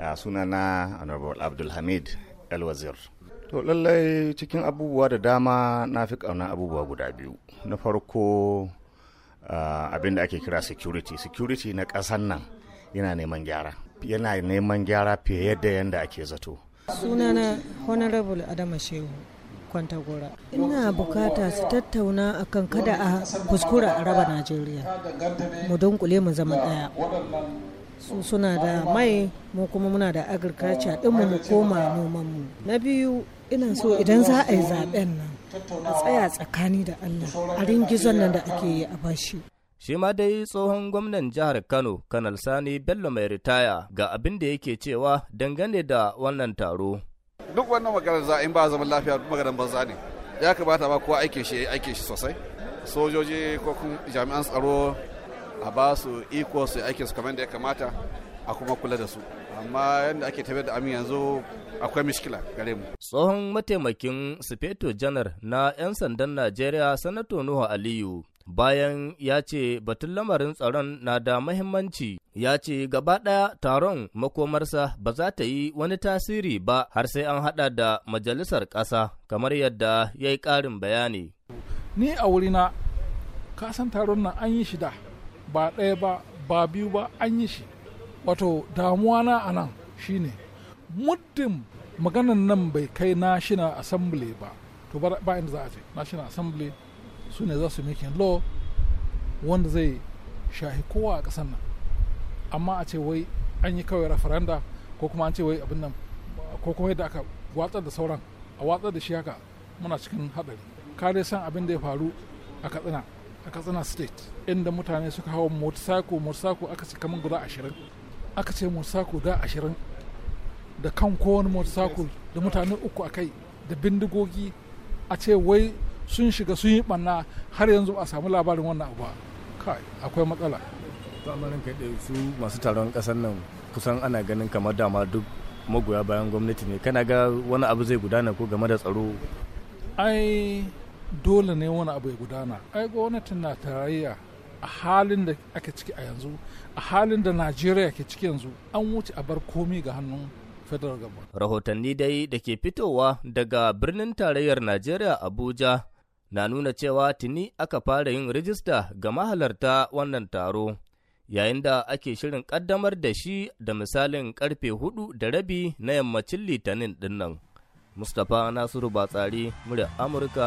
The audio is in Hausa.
a sunana honorable abdulhamid elwazir to lallai cikin abubuwa da dama na fi ƙauna abubuwa guda biyu na farko abin da ake kira security security na ƙasan nan yana neman gyara yana neman gyara fiye da yadda ake zato sunana honorable adama shehu kwantagora ina bukata su tattauna akan kada a kuskura a raba najeriya mu dunkule mu zama daya su suna da mai mu kuma muna da agriculture din mu koma noman mu. na biyu ina so idan za a yi zaben nan a tsaya tsakani da allah a ringizon nan da ake yi a bashi shi ma dai tsohon gwamnan jihar Kano, Kanal Sani Bello mai ritaya ga abin da yake cewa dangane da wannan taro. Duk wannan maganar za in ba zaman lafiya duk maganar banza ne. Ya kamata ba kowa aikin shi aikin shi sosai. Sojoji ko kuma jami'an tsaro a ba su iko su aikin su kamar da ya kamata a kuma kula da su amma yadda ake tafiyar da amin yanzu akwai mishkila gare mu tsohon mataimakin sufeto janar na 'yan sandan najeriya sanato nuhu aliyu bayan ya ce batun lamarin tsaron na da mahimmanci ya ce gaba ɗaya taron makomarsa ba za ta yi wani tasiri ba har sai an haɗa da majalisar ƙasa kamar yadda ya yi ƙarin bayani ni a wurina kasan taron nan an yi shida ba ɗaya ba ba biyu ba an yi shi wato damuwa na a nan ne. muddin maganan nan bai kai national assembly ba to ba inda za a je national assembly su ne za su making law wanda zai shahi kowa a ƙasar nan amma a ce wai an yi kawai referenda ko kuma an ce wai abin nan ko kuma yadda aka watsar da sauran a watsar da shi haka muna cikin haɗari ka dai san abin da ya faru a katsina a katsina state inda mutane suka hawa motsako motsako aka ce kamar guda ashirin aka ce motsako guda ashirin da kan kowane motsako da mutane uku a kai da bindigogi a ce wai sun shiga sun yi ɓanna har yanzu a samu labarin wannan abu kai akwai matsala amarin kaɗe su masu taron ƙasar nan kusan ana ganin kamar dama duk magoya bayan gwamnati ne kana ga wani abu zai gudana ko game da tsaro ai dole ne wani abu ya gudana ai gwamnatin na tarayya a halin da ake ciki a yanzu a halin da najeriya ke ciki yanzu an wuce a bar komi ga hannun federal government rahotanni dai da ke fitowa daga birnin tarayyar najeriya abuja na nuna cewa tuni aka fara yin rijista ga mahalarta wannan taro yayin da ake shirin kaddamar da shi da misalin karfe hudu da rabi na yammacin litinin dinnan mustapha nasiru batsari murya amurka